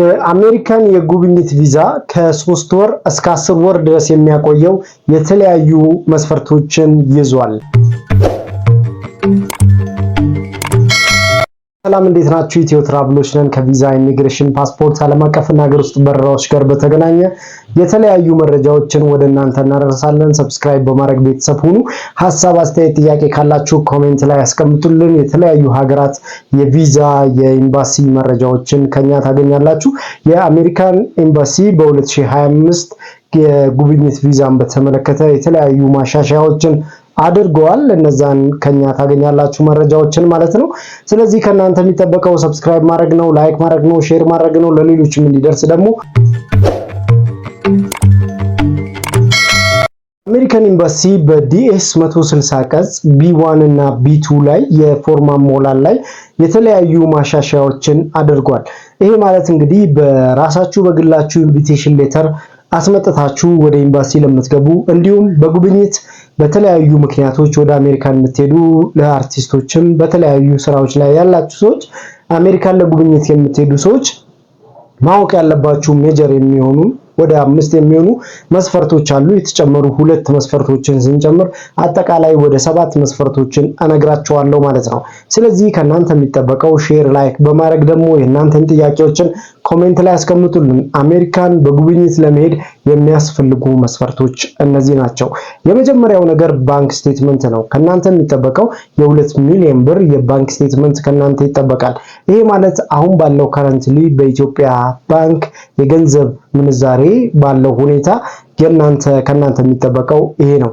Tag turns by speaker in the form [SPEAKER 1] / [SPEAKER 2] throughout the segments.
[SPEAKER 1] የአሜሪካን የጉብኝት ቪዛ ከሶስት ወር እስከ አስር ወር ድረስ የሚያቆየው የተለያዩ መስፈርቶችን ይዟል። ሰላም እንዴት ናችሁ? ኢትዮ ትራቭሎች ነን። ከቪዛ ኢሚግሬሽን ፓስፖርት ዓለም አቀፍና ሀገር ውስጥ በረራዎች ጋር በተገናኘ የተለያዩ መረጃዎችን ወደ እናንተ እናደርሳለን። ሰብስክራይብ በማድረግ ቤተሰብ ሁኑ። ሀሳብ፣ አስተያየት፣ ጥያቄ ካላችሁ ኮሜንት ላይ ያስቀምጡልን። የተለያዩ ሀገራት የቪዛ የኤምባሲ መረጃዎችን ከኛ ታገኛላችሁ። የአሜሪካን ኤምባሲ በ2025 የጉብኝት ቪዛን በተመለከተ የተለያዩ ማሻሻያዎችን አድርገዋል። እነዛን ከኛ ታገኛላችሁ መረጃዎችን ማለት ነው። ስለዚህ ከእናንተ የሚጠበቀው ሰብስክራይብ ማድረግ ነው፣ ላይክ ማድረግ ነው፣ ሼር ማድረግ ነው። ለሌሎችም እንዲደርስ ደግሞ አሜሪካን ኤምባሲ በዲኤስ 160 ቀጽ ቢ1 እና ቢ2 ላይ የፎርም አሞላል ላይ የተለያዩ ማሻሻያዎችን አድርጓል። ይሄ ማለት እንግዲህ በራሳችሁ በግላችሁ ኢንቪቴሽን ሌተር አስመጥታችሁ ወደ ኤምባሲ ለምትገቡ እንዲሁም በጉብኝት በተለያዩ ምክንያቶች ወደ አሜሪካን የምትሄዱ ለአርቲስቶችም በተለያዩ ስራዎች ላይ ያላችሁ ሰዎች አሜሪካን ለጉብኝት የምትሄዱ ሰዎች ማወቅ ያለባችሁ ሜጀር የሚሆኑ ወደ አምስት የሚሆኑ መስፈርቶች አሉ። የተጨመሩ ሁለት መስፈርቶችን ስንጨምር አጠቃላይ ወደ ሰባት መስፈርቶችን እነግራቸዋለሁ ማለት ነው። ስለዚህ ከእናንተ የሚጠበቀው ሼር፣ ላይክ በማድረግ ደግሞ የእናንተን ጥያቄዎችን ኮሜንት ላይ አስቀምጡልን አሜሪካን በጉብኝት ለመሄድ የሚያስፈልጉ መስፈርቶች እነዚህ ናቸው። የመጀመሪያው ነገር ባንክ ስቴትመንት ነው። ከእናንተ የሚጠበቀው የሁለት ሚሊዮን ብር የባንክ ስቴትመንት ከእናንተ ይጠበቃል። ይሄ ማለት አሁን ባለው ከረንትሊ በኢትዮጵያ ባንክ የገንዘብ ምንዛሬ ባለው ሁኔታ የእናንተ ከእናንተ የሚጠበቀው ይሄ ነው።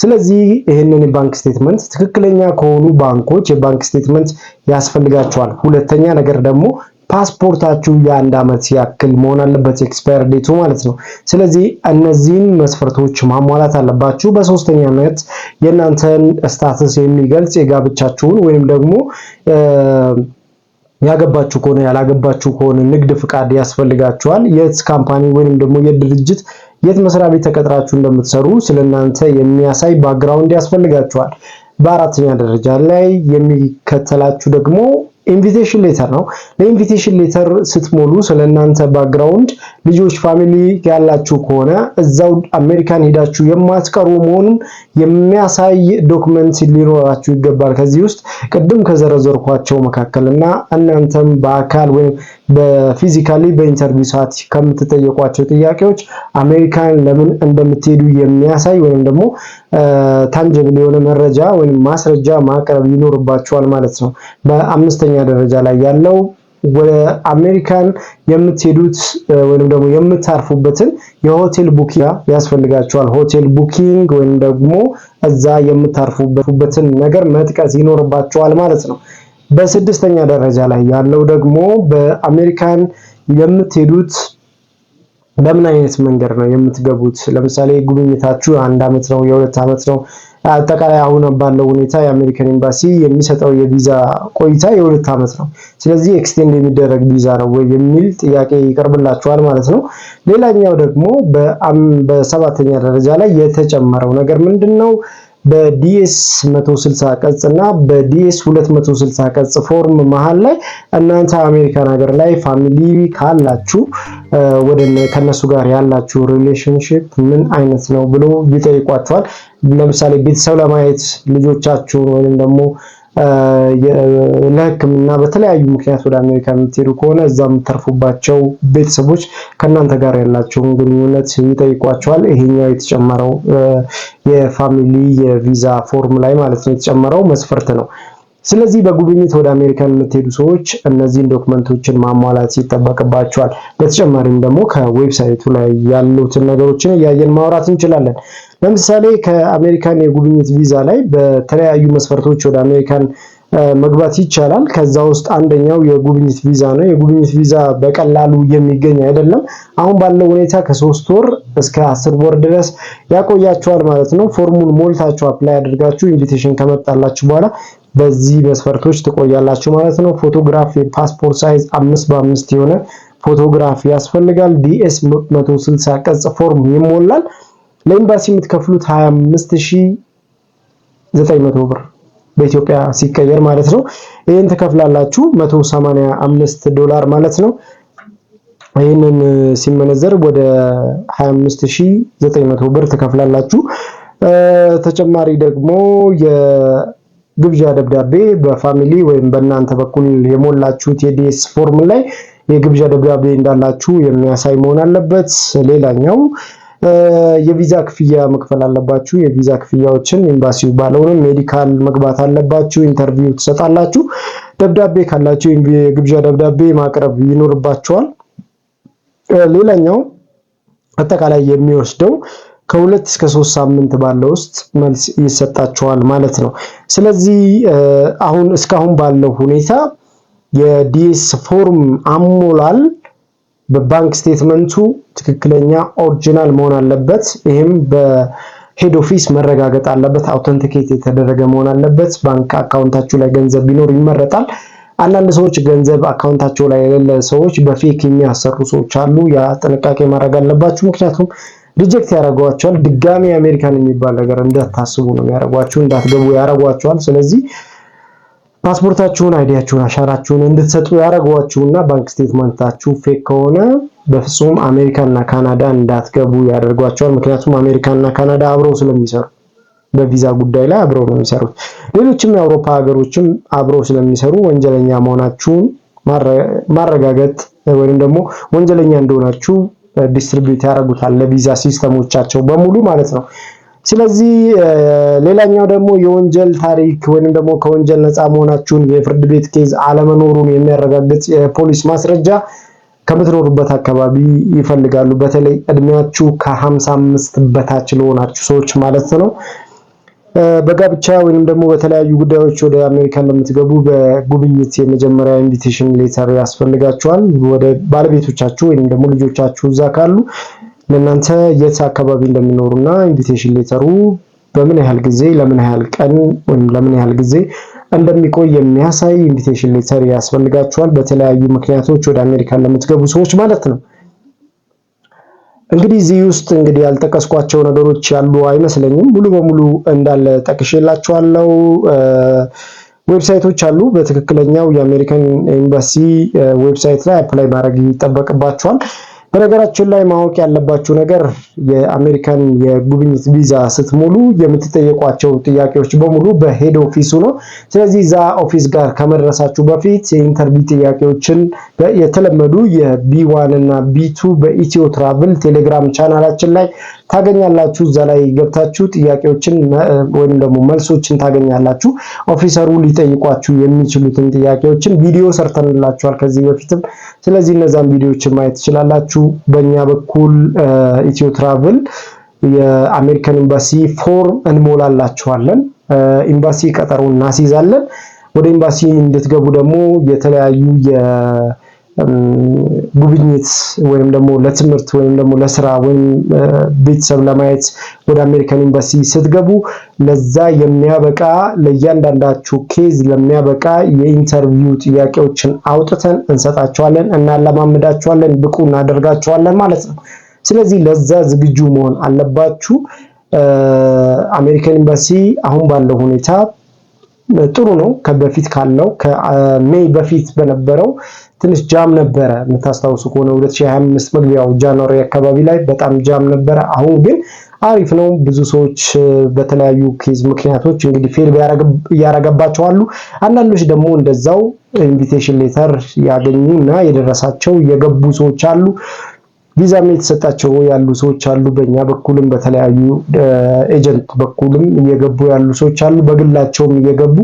[SPEAKER 1] ስለዚህ ይህንን የባንክ ስቴትመንት ትክክለኛ ከሆኑ ባንኮች የባንክ ስቴትመንት ያስፈልጋቸዋል። ሁለተኛ ነገር ደግሞ ፓስፖርታችሁ የአንድ አመት ያክል መሆን አለበት ኤክስፓየር ዴቱ ማለት ነው። ስለዚህ እነዚህን መስፈርቶች ማሟላት አለባችሁ። በሶስተኛነት የእናንተን ስታትስ የሚገልጽ የጋብቻችሁን ወይም ደግሞ ያገባችሁ ከሆነ ያላገባችሁ ከሆነ ንግድ ፍቃድ ያስፈልጋችኋል። የት ካምፓኒ ወይም ደግሞ የት ድርጅት የት መስሪያ ቤት ተቀጥራችሁ እንደምትሰሩ ስለእናንተ የሚያሳይ ባክግራውንድ ያስፈልጋችኋል። በአራተኛ ደረጃ ላይ የሚከተላችሁ ደግሞ ኢንቪቴሽን ሌተር ነው። ለኢንቪቴሽን ሌተር ስትሞሉ ስለእናንተ ባክግራውንድ፣ ልጆች፣ ፋሚሊ ያላችሁ ከሆነ እዛው አሜሪካን ሄዳችሁ የማትቀሩ መሆኑን የሚያሳይ ዶክመንት ሊኖራችሁ ይገባል። ከዚህ ውስጥ ቅድም ከዘረዘርኳቸው መካከል እና እናንተም በአካል ወይም በፊዚካሊ በኢንተርቪው ሰዓት ከምትጠየቋቸው ጥያቄዎች አሜሪካን ለምን እንደምትሄዱ የሚያሳይ ወይም ደግሞ ታንጀብል የሆነ መረጃ ወይም ማስረጃ ማቅረብ ይኖርባቸዋል ማለት ነው። በአምስተኛ ደረጃ ላይ ያለው ወደ አሜሪካን የምትሄዱት ወይም ደግሞ የምታርፉበትን የሆቴል ቡኪያ ያስፈልጋቸዋል። ሆቴል ቡኪንግ ወይም ደግሞ እዛ የምታርፉበትን ነገር መጥቀስ ይኖርባቸዋል ማለት ነው። በስድስተኛ ደረጃ ላይ ያለው ደግሞ በአሜሪካን የምትሄዱት በምን አይነት መንገድ ነው የምትገቡት? ለምሳሌ ጉብኝታችሁ አንድ ዓመት ነው የሁለት ዓመት ነው? አጠቃላይ አሁን ባለው ሁኔታ የአሜሪካን ኤምባሲ የሚሰጠው የቪዛ ቆይታ የሁለት ዓመት ነው። ስለዚህ ኤክስቴንድ የሚደረግ ቪዛ ነው ወይ የሚል ጥያቄ ይቀርብላችኋል ማለት ነው። ሌላኛው ደግሞ በሰባተኛ ደረጃ ላይ የተጨመረው ነገር ምንድን ነው? በዲኤስ 160 ቀጽ እና በዲኤስ 260 ቀጽ ፎርም መሃል ላይ እናንተ አሜሪካን ሀገር ላይ ፋሚሊ ካላችሁ ወደ ከነሱ ጋር ያላችሁ ሪሌሽንሽፕ ምን አይነት ነው ብሎ ይጠይቋቸዋል። ለምሳሌ ቤተሰብ ለማየት ልጆቻችሁን ወይም ደግሞ ለሕክምና በተለያዩ ምክንያት ወደ አሜሪካ የምትሄዱ ከሆነ እዛ የምተርፉባቸው ቤተሰቦች ከእናንተ ጋር ያላቸውን ግንኙነት ይጠይቋቸዋል። ይሄኛው የተጨመረው የፋሚሊ የቪዛ ፎርም ላይ ማለት ነው የተጨመረው መስፈርት ነው። ስለዚህ በጉብኝት ወደ አሜሪካን የምትሄዱ ሰዎች እነዚህን ዶክመንቶችን ማሟላት ይጠበቅባቸዋል። በተጨማሪም ደግሞ ከዌብሳይቱ ላይ ያሉትን ነገሮችን እያየን ማውራት እንችላለን። ለምሳሌ ከአሜሪካን የጉብኝት ቪዛ ላይ በተለያዩ መስፈርቶች ወደ አሜሪካን መግባት ይቻላል። ከዛ ውስጥ አንደኛው የጉብኝት ቪዛ ነው። የጉብኝት ቪዛ በቀላሉ የሚገኝ አይደለም። አሁን ባለው ሁኔታ ከሶስት ወር እስከ አስር ወር ድረስ ያቆያቸዋል ማለት ነው። ፎርሙን ሞልታችሁ አፕላይ አድርጋችሁ ኢንቪቴሽን ከመጣላችሁ በኋላ በዚህ መስፈርቶች ትቆያላችሁ ማለት ነው። ፎቶግራፍ የፓስፖርት ሳይዝ አምስት በአምስት የሆነ ፎቶግራፍ ያስፈልጋል። ዲኤስ 160 ቀጽ ፎርም ይሞላል። ለኤምባሲ የምትከፍሉት 25900 ብር በኢትዮጵያ ሲቀየር ማለት ነው። ይህን ትከፍላላችሁ 185 ዶላር ማለት ነው። ይህንን ሲመነዘር ወደ 25900 ብር ትከፍላላችሁ። ተጨማሪ ደግሞ የግብዣ ደብዳቤ በፋሚሊ ወይም በእናንተ በኩል የሞላችሁት የዲኤስ ፎርም ላይ የግብዣ ደብዳቤ እንዳላችሁ የሚያሳይ መሆን አለበት። ሌላኛው የቪዛ ክፍያ መክፈል አለባችሁ። የቪዛ ክፍያዎችን ኤምባሲው ባለውንም ሜዲካል መግባት አለባችሁ። ኢንተርቪው ትሰጣላችሁ። ደብዳቤ ካላችሁ የግብዣ ደብዳቤ ማቅረብ ይኖርባችኋል። ሌላኛው አጠቃላይ የሚወስደው ከሁለት እስከ ሶስት ሳምንት ባለው ውስጥ መልስ ይሰጣችኋል ማለት ነው። ስለዚህ አሁን እስካሁን ባለው ሁኔታ የዲኤስ ፎርም አሞላል በባንክ ስቴትመንቱ ትክክለኛ ኦሪጂናል መሆን አለበት። ይህም በሄድ ኦፊስ መረጋገጥ አለበት። አውተንቲኬት የተደረገ መሆን አለበት። ባንክ አካውንታችሁ ላይ ገንዘብ ቢኖር ይመረጣል። አንዳንድ ሰዎች ገንዘብ አካውንታቸው ላይ የሌለ ሰዎች በፌክ የሚያሰሩ ሰዎች አሉ። ያ ጥንቃቄ ማድረግ አለባችሁ። ምክንያቱም ሪጀክት ያደረጓቸዋል። ድጋሚ አሜሪካን የሚባል ነገር እንዳታስቡ ነው ያደረጓችሁ፣ እንዳትገቡ ያደረጓቸዋል። ስለዚህ ፓስፖርታችሁን፣ አይዲያችሁን፣ አሻራችሁን እንድትሰጡ ያደረጓችሁና ባንክ ስቴትመንታችሁ ፌክ ከሆነ በፍጹም አሜሪካና ካናዳ እንዳትገቡ ያደርጓቸዋል። ምክንያቱም አሜሪካና ካናዳ አብረው ስለሚሰሩ በቪዛ ጉዳይ ላይ አብረው ነው የሚሰሩት። ሌሎችም የአውሮፓ ሀገሮችም አብረው ስለሚሰሩ ወንጀለኛ መሆናችሁን ማረጋገጥ ወይም ደግሞ ወንጀለኛ እንደሆናችሁ ዲስትሪቢዩት ያደርጉታል ለቪዛ ሲስተሞቻቸው በሙሉ ማለት ነው። ስለዚህ ሌላኛው ደግሞ የወንጀል ታሪክ ወይንም ደግሞ ከወንጀል ነፃ መሆናችሁን የፍርድ ቤት ኬዝ አለመኖሩን የሚያረጋግጥ የፖሊስ ማስረጃ ከምትኖሩበት አካባቢ ይፈልጋሉ። በተለይ እድሜያችሁ ከ55 በታች ለሆናችሁ ሰዎች ማለት ነው። በጋብቻ ወይም ደግሞ በተለያዩ ጉዳዮች ወደ አሜሪካ ለምትገቡ በጉብኝት የመጀመሪያ ኢንቪቴሽን ሌተር ያስፈልጋችኋል። ወደ ባለቤቶቻችሁ ወይንም ደግሞ ልጆቻችሁ እዛ ካሉ ለእናንተ የት አካባቢ እንደምኖሩና ኢንቪቴሽን ሌተሩ በምን ያህል ጊዜ ለምን ያህል ቀን ወይም ለምን ያህል ጊዜ እንደሚቆይ የሚያሳይ ኢንቪቴሽን ሌተር ያስፈልጋችኋል። በተለያዩ ምክንያቶች ወደ አሜሪካን ለምትገቡ ሰዎች ማለት ነው። እንግዲህ እዚህ ውስጥ እንግዲህ ያልጠቀስኳቸው ነገሮች ያሉ አይመስለኝም። ሙሉ በሙሉ እንዳለ ጠቅሼላችኋለሁ። ዌብሳይቶች አሉ። በትክክለኛው የአሜሪካን ኤምባሲ ዌብሳይት ላይ አፕላይ ማድረግ ይጠበቅባችኋል። በነገራችን ላይ ማወቅ ያለባችሁ ነገር የአሜሪካን የጉብኝት ቪዛ ስትሞሉ የምትጠየቋቸው ጥያቄዎች በሙሉ በሄድ ኦፊሱ ነው። ስለዚህ እዛ ኦፊስ ጋር ከመድረሳችሁ በፊት የኢንተርቪው ጥያቄዎችን የተለመዱ የቢ ዋን እና ቢቱ በኢትዮ ትራቭል ቴሌግራም ቻናላችን ላይ ታገኛላችሁ። እዛ ላይ ገብታችሁ ጥያቄዎችን ወይም ደግሞ መልሶችን ታገኛላችሁ። ኦፊሰሩ ሊጠይቋችሁ የሚችሉትን ጥያቄዎችን ቪዲዮ ሰርተንላችኋል ከዚህ በፊትም። ስለዚህ እነዛን ቪዲዮዎችን ማየት ትችላላችሁ። በእኛ በኩል ኢትዮ ትራቭል የአሜሪካን ኤምባሲ ፎርም እንሞላላችኋለን። ኤምባሲ ቀጠሮ እናስይዛለን። ወደ ኤምባሲ እንድትገቡ ደግሞ የተለያዩ ጉብኝት ወይም ደግሞ ለትምህርት ወይም ደግሞ ለስራ ወይም ቤተሰብ ለማየት ወደ አሜሪካን ኤምባሲ ስትገቡ ለዛ የሚያበቃ ለእያንዳንዳችሁ ኬዝ ለሚያበቃ የኢንተርቪው ጥያቄዎችን አውጥተን እንሰጣቸዋለን፣ እናለማምዳቸዋለን፣ ብቁ እናደርጋቸዋለን ማለት ነው። ስለዚህ ለዛ ዝግጁ መሆን አለባችሁ። አሜሪካን ኤምባሲ አሁን ባለው ሁኔታ ጥሩ ነው። ከበፊት ካለው ከሜይ በፊት በነበረው ትንሽ ጃም ነበረ። የምታስታውሱ ከሆነ 2025 መግቢያው ጃንዋሪ አካባቢ ላይ በጣም ጃም ነበረ። አሁን ግን አሪፍ ነው። ብዙ ሰዎች በተለያዩ ኬዝ ምክንያቶች እንግዲህ ፌል እያረገባቸው አሉ። አንዳንዶች ደግሞ እንደዛው ኢንቪቴሽን ሌተር ያገኙ እና የደረሳቸው የገቡ ሰዎች አሉ። ቪዛም የተሰጣቸው ያሉ ሰዎች አሉ። በእኛ በኩልም በተለያዩ ኤጀንት በኩልም እየገቡ ያሉ ሰዎች አሉ። በግላቸውም እየገቡ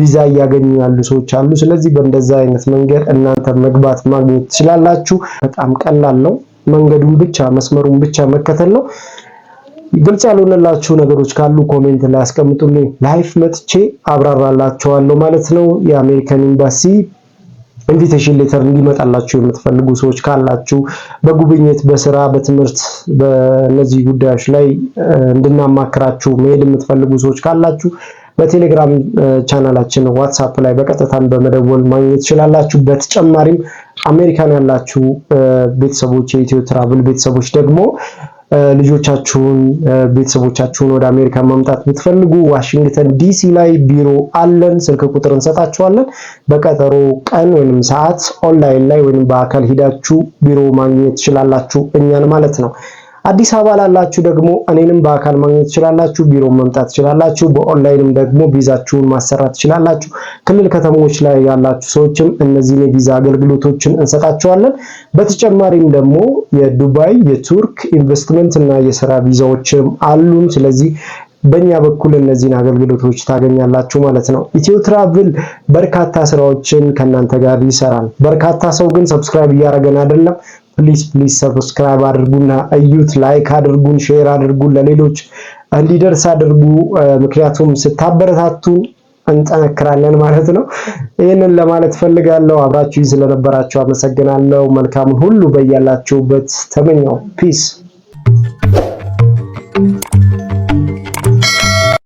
[SPEAKER 1] ቪዛ እያገኙ ያሉ ሰዎች አሉ። ስለዚህ በእንደዛ አይነት መንገድ እናንተ መግባት ማግኘት ትችላላችሁ። በጣም ቀላል ነው። መንገዱን ብቻ መስመሩን ብቻ መከተል ነው። ግልጽ ያልሆነላችሁ ነገሮች ካሉ ኮሜንት ላይ አስቀምጡልኝ። ላይፍ መጥቼ አብራራላችኋለሁ ማለት ነው። የአሜሪካን ኤምባሲ ኢንቪቴሽን ሌተር እንዲመጣላችሁ የምትፈልጉ ሰዎች ካላችሁ በጉብኝት፣ በስራ፣ በትምህርት በእነዚህ ጉዳዮች ላይ እንድናማክራችሁ መሄድ የምትፈልጉ ሰዎች ካላችሁ በቴሌግራም ቻናላችን ዋትሳፕ ላይ በቀጥታን በመደወል ማግኘት ትችላላችሁ። በተጨማሪም አሜሪካን ያላችሁ ቤተሰቦች የኢትዮ ትራቭል ቤተሰቦች ደግሞ ልጆቻችሁን ቤተሰቦቻችሁን ወደ አሜሪካ ማምጣት ብትፈልጉ ዋሽንግተን ዲሲ ላይ ቢሮ አለን። ስልክ ቁጥር እንሰጣችኋለን። በቀጠሮ ቀን ወይም ሰዓት ኦንላይን ላይ ወይም በአካል ሂዳችሁ ቢሮ ማግኘት ትችላላችሁ፣ እኛን ማለት ነው። አዲስ አበባ ላላችሁ ደግሞ እኔንም በአካል ማግኘት ትችላላችሁ፣ ቢሮ መምጣት ትችላላችሁ። በኦንላይንም ደግሞ ቪዛችሁን ማሰራት ትችላላችሁ። ክልል ከተሞች ላይ ያላችሁ ሰዎችም እነዚህን የቪዛ አገልግሎቶችን እንሰጣችኋለን። በተጨማሪም ደግሞ የዱባይ የቱርክ ኢንቨስትመንት እና የስራ ቪዛዎችም አሉን። ስለዚህ በእኛ በኩል እነዚህን አገልግሎቶች ታገኛላችሁ ማለት ነው። ኢትዮ ትራቭል በርካታ ስራዎችን ከእናንተ ጋር ይሰራል። በርካታ ሰው ግን ሰብስክራይብ እያደረገን አይደለም። ፕሊስ ፕሊስ ሰብስክራይብ አድርጉና እዩት፣ ላይክ አድርጉን፣ ሼር አድርጉን፣ ለሌሎች እንዲደርስ አድርጉ። ምክንያቱም ስታበረታቱ እንጠነክራለን ማለት ነው። ይህንን ለማለት ፈልጋለሁ። አብራችሁ ስለነበራችሁ አመሰግናለሁ። መልካሙን ሁሉ በያላችሁበት ተመኘው። ፒስ